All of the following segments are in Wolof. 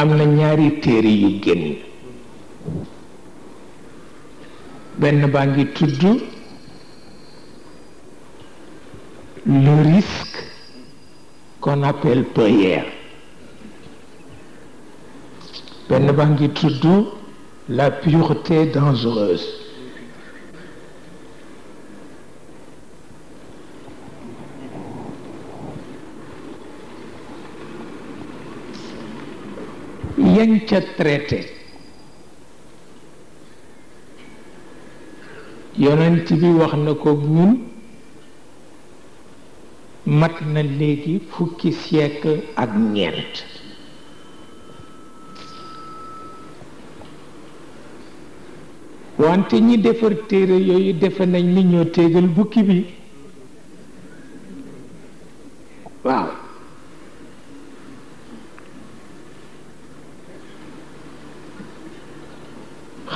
am na ñaari téere yu génn benn le risque qu'on appelle prière. benn baa la pureté dangereuse yañ ca traité yonent bi wax na ko ñun mat na léegi fukki siècle ak ñeent wante ñi defar téere yooyu defe nañ ni ñoo téegal bukki bi waaw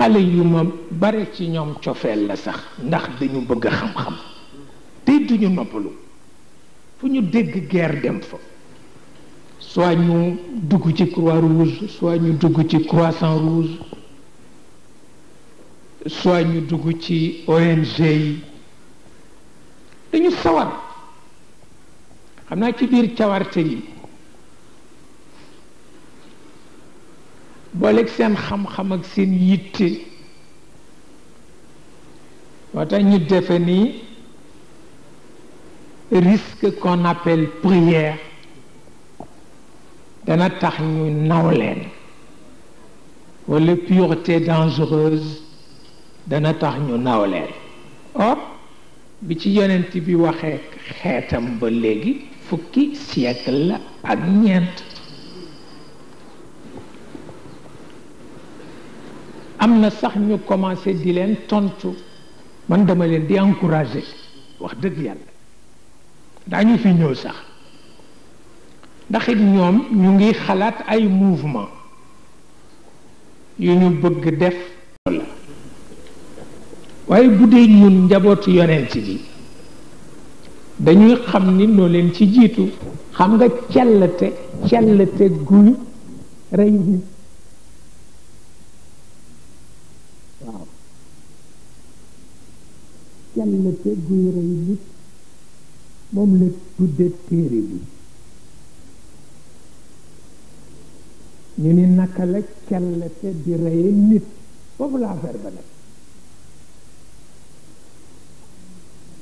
xale yu ma bare ci ñoom cofeel la sax ndax dañu bëgg xam-xam te duñu noppalu fu ñu dégg guerre dem fa soit ñu dugg ci croix rouge ñu dugg ci croissant rouge soit ñu dugg ci ONG yi dañu sawar xam naa ci biir cawarte yi booleeg seen xam ak yitte tax ñu risque qu'on appelle prière dana tax ñu naw leen pureté dangereuse dana tax ñu naw leen or bi ci yonent bi waxee xeetam ba léegi fukki siècle la am na sax ñu commencé di leen tontu man dama leen di encourager wax dëgg yàlla daañu fi ñëw sax ndax it ñoom ñu ngi xalaat ay mouvement yu ñu bëgg def waaye bu dee ñun njabootu yonent bi dañuy xam ni noo leen ci jiitu xam nga cellate cellate guy rey nit yàlla guy rey nit moom la tudde téere bi ñu ni naka la cellate di reye nit foofu la affaire ba nekk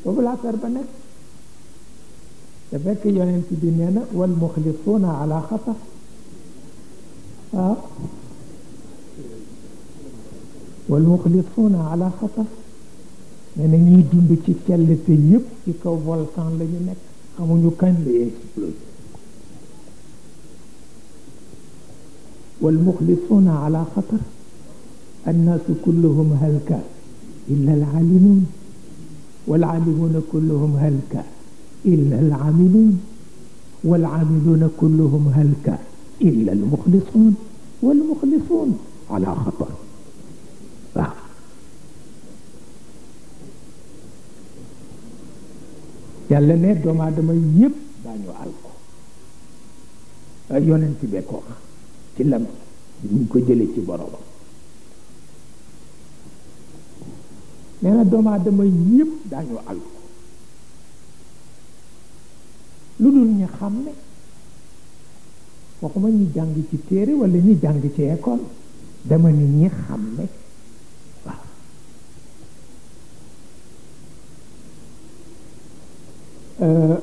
foofu la affaire ba nekk te fekk yonent bi nee na wal muxlisuuna ala xata waaw wal muxlisuuna ala xata dund ci yépp ci kaw volcan la ñu nekk xamuñu kañ explosé والمخلصون على خطر الناس كلهم هلكة إلا العالمون والعالمون كلهم هلكة إلا العاملون والعاملون كلهم هلكة إلا المخلصون والمخلصون على خطر yàlla ne doomu aadama yépp daañu alko euh, yonent bee ko wax ci lam ñu ko jële ci boromam nee na doomu aadama yépp daañu alko lu dul ñi xam ne ma ñi jàng ci téere wala ñi jàng ci école dama ni ñi xam ne Euh,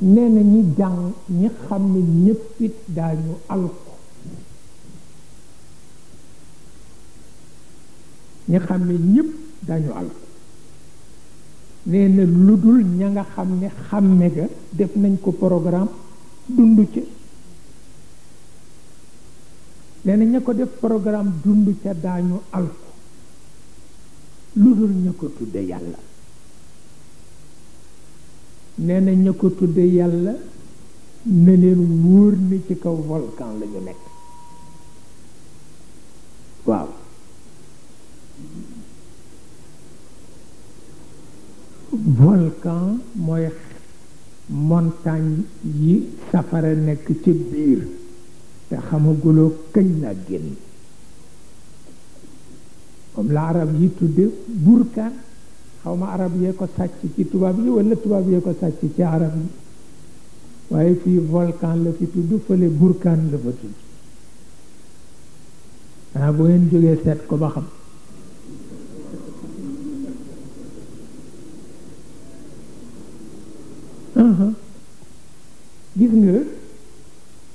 nee na ñi jàng ñi xam ne ñëppit daañu alko ñi xam ne ñëpp dañu alko nee lu dul ña nga xam ne xàmme ga def nañ ko programme dund ca nee ña ko def programme dund ca daañu alko lu dul ña ko tudde yàlla nee na ko tudde yàlla na leen wóor ni ci kaw volcan lañu nekk waaw volcan mooy montagne yi safara nekk ci biir te xamaguloo këñ la génn moom la arab yi tudde burkaan xawma ma arab yee ko sàcc ci tubaab yi wala tubaab yee ko sàcc ci arab yi waaye fii volcan la fi tudd fële burkan la fa tudd ah bu ngeen jógee seet ko ba xam gis nga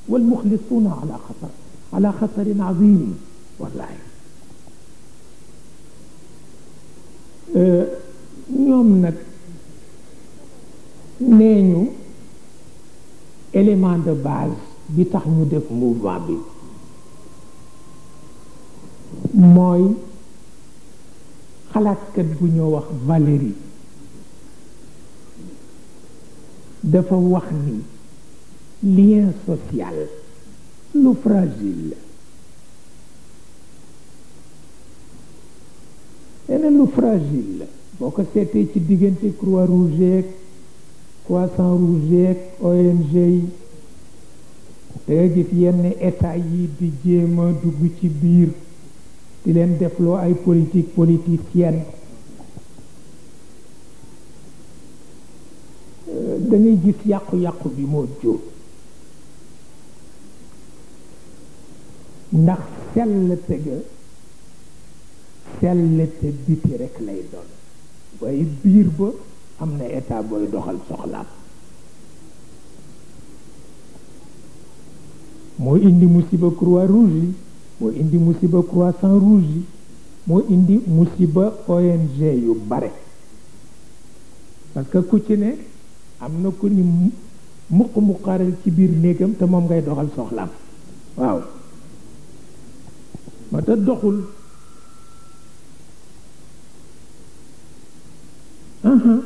wal muxlisuuna ala xatar ala xatarin azim wallahi ñoom nag nee ñu élément de base bi tax ñu def mouvement bi mooy xalaatkat bu ñu wax Valérie dafa wax ni lien social lu fragile la lu fragile la boo ko seetee ci diggante croix rouge yeeg croissant rouge yeeg ONG yi nga gis yenn état yi di jéema a dugg ci biir di leen defloo ay politique politicienne da ngay gis yàqu-yàqu bi moo jóg ndax sell te ga sell te biti rek lay doon waaye biir ba am na état booy doxal soxlaam moo indi musiba croix rouge yi moo indi musiba croissant rouge yi moo indi musiba ONG yu bare parce que ku ci ne am na ku ni muq mu xaaral ci biir néegam te moom ngay doxal soxlaam waaw ma te doxul Mm-hmm.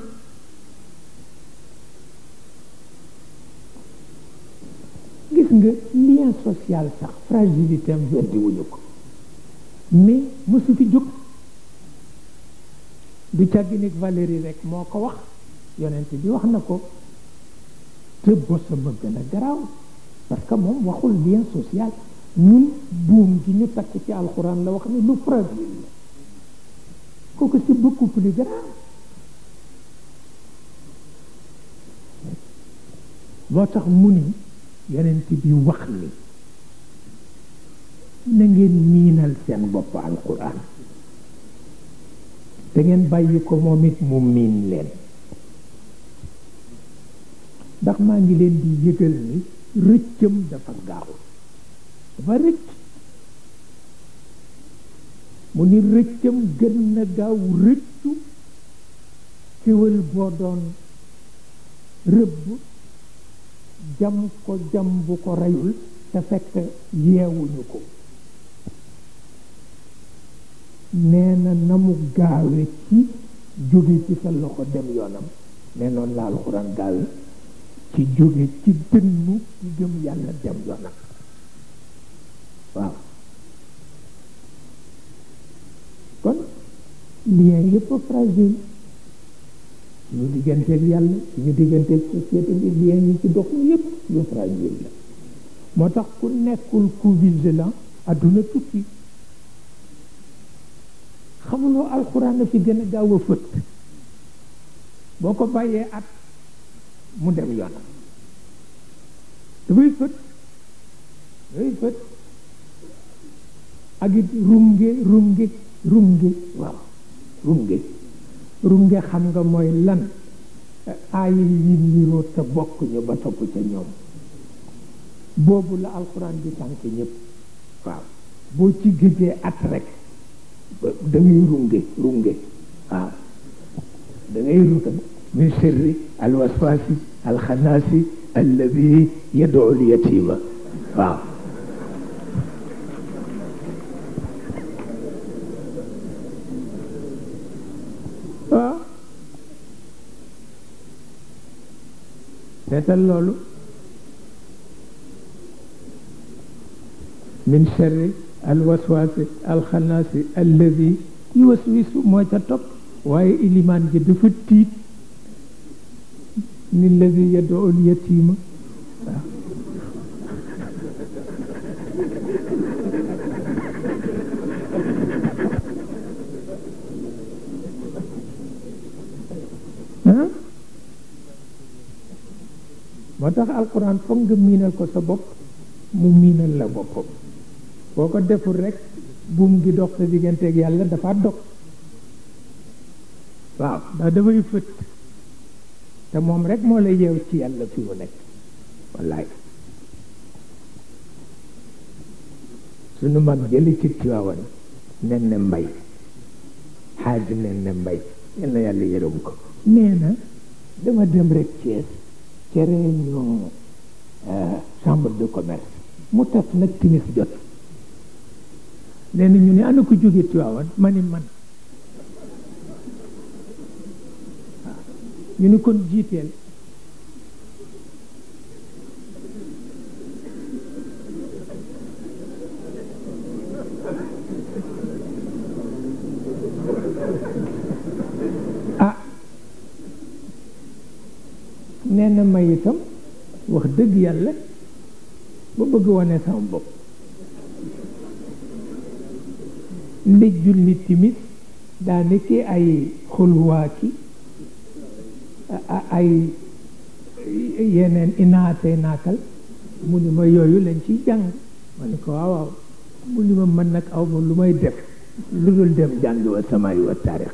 gis nga lien social sax fragilité am weddi wuñu ko mais mosu fi jóg du càggi nit Valérie rek moo ko wax yonent bi wax na ko te bosam a gën a garaaw parce que moom waxul lien social ñun buum gi ñu takk ci alxuraan la wax ni lu fragile la kooku c'est beaucoup plus grave loo tax mu ni yonent bi wax ni na ngeen miinal seen bopp alquran te ngeen bàyyi ko moom it mu miin leen ndax maa ngi leen di yëgal ni rëccam dafa gaaw dafa rëcc mu ni rëccam gën na gaaw rëccu kéwél boo doon rëbb jam ko jam bu ko reyul ca fekk yeewuñu ko nee namu na mu gaawe ci jóge ci sa loxo dem yoonam nee noonu la ci jóge ci dënnu ci gëm yàlla dem yoonam waaw kon lien yëpp fragile ñu digganteeg yàlla ñu digganteeg société bi lien yi ci dox yëpp yu fragile la moo tax ku nekkul ku vigilant àdduna tukki xamuloo alxuraan a fi gën gaaw a fëtt boo ko bàyyee at mu dem yoonam dafay fët dafay fët ak it rumge rumge rumge waaw rumge runge xam nga mooy lan aaya yi niroo te bokk ñu ba topp ca ñoom boobu la alxuraan bi tànk ñëpp waaw boo ci géejee at rek da ngay runge runge waaw da ngay ruta min sirri alwaswaasi alxanaasi alladi yadul yatima waaw seetal loolu min sharri alwaswaasi alxanaasi alladi yuwaswisu moo ca topp waaye ilimaan ji dafa tiit ni alladi yadoo al yatiima moo tax alxuraan foog nga miinal ko sa bopp mu miinal la boppam boo ko deful rekk buum gi dox sa digganteeg yàlla dafa dox waaw ndax dafay fët te moom rek moo la yeew ci yàlla fi nekk wallaay sunu mag jëli ci Tiwaawan nen ne mbay xaaj nen ne mbay yal yàlla yërëm ko nee na dama dem rek Cees ca réunion eh, chambre de commerce mu tas nag timis jot léegi ñu ni ana ko jóge Tiwaawan ma ni man ñu ni kon jiiteel na may itam wax dëgg yàlla ba bëgg wane sama bopp nde julli timit daa nekke ay xulwaa ay yeneen inaate naakal mu ni ma yooyu lañ ci jàng ma ni ko waaw waaw mu ni ma mën nag aw ma lu may def lu dul dem jàngi wa samay wa taarix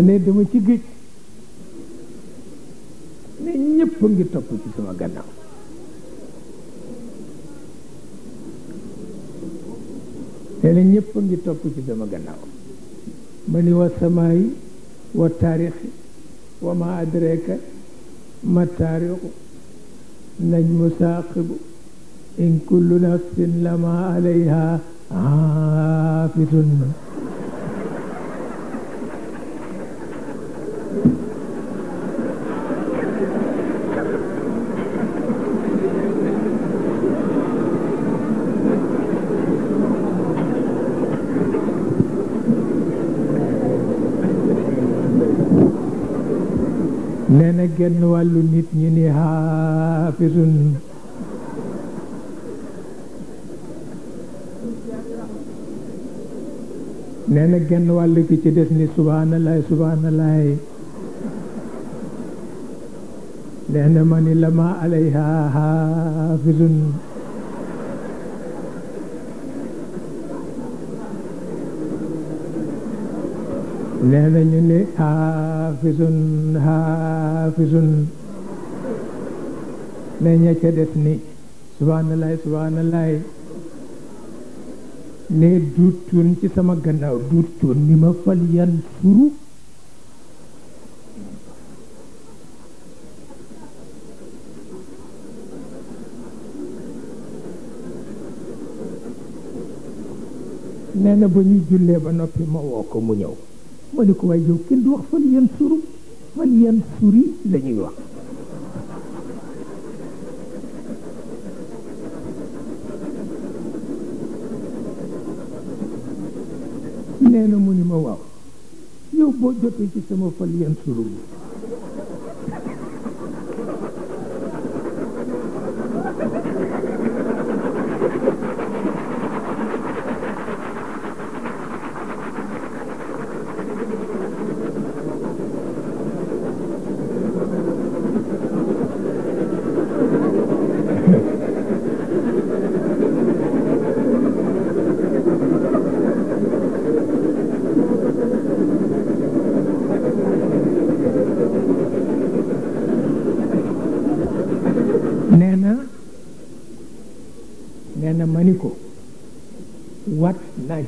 te ne ci géej ne ñépp a topp ci sama gannaaw te ne ñépp a topp ci sama gannaaw ma ni wa samaayi wa taarixi wa ma adreeka ma taarixu najmu saaqibu in kullu nafsin lama alayha aafitun nee na genn wàllu nit ñi ni xaafisun nee na genn wàll ki ci des ni subhaanalaay subhaanalaay nee na ma ni lama alayha xaafisun nee nañu ni xaafisun xaafisun ne ña ca def ni subhaanallaay subhaanallaay ne duut cuun ci sama gannaaw duut cuun ni ma fal yan suru nee na ba ñu jullee ba noppi ma woo ko mu ñëw ma ne ko waaye yow kenn du wax fal yan suru fal yan suri la ñuy wax nee na mu ni ma waaw yow boo jotee ci sama fal yan suru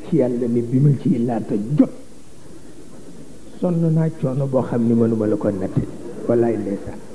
ci yàlla ni bi ma ciy laata jot sonn naa coono boo xam ni mënuma la ko natt wallaay ndeysaan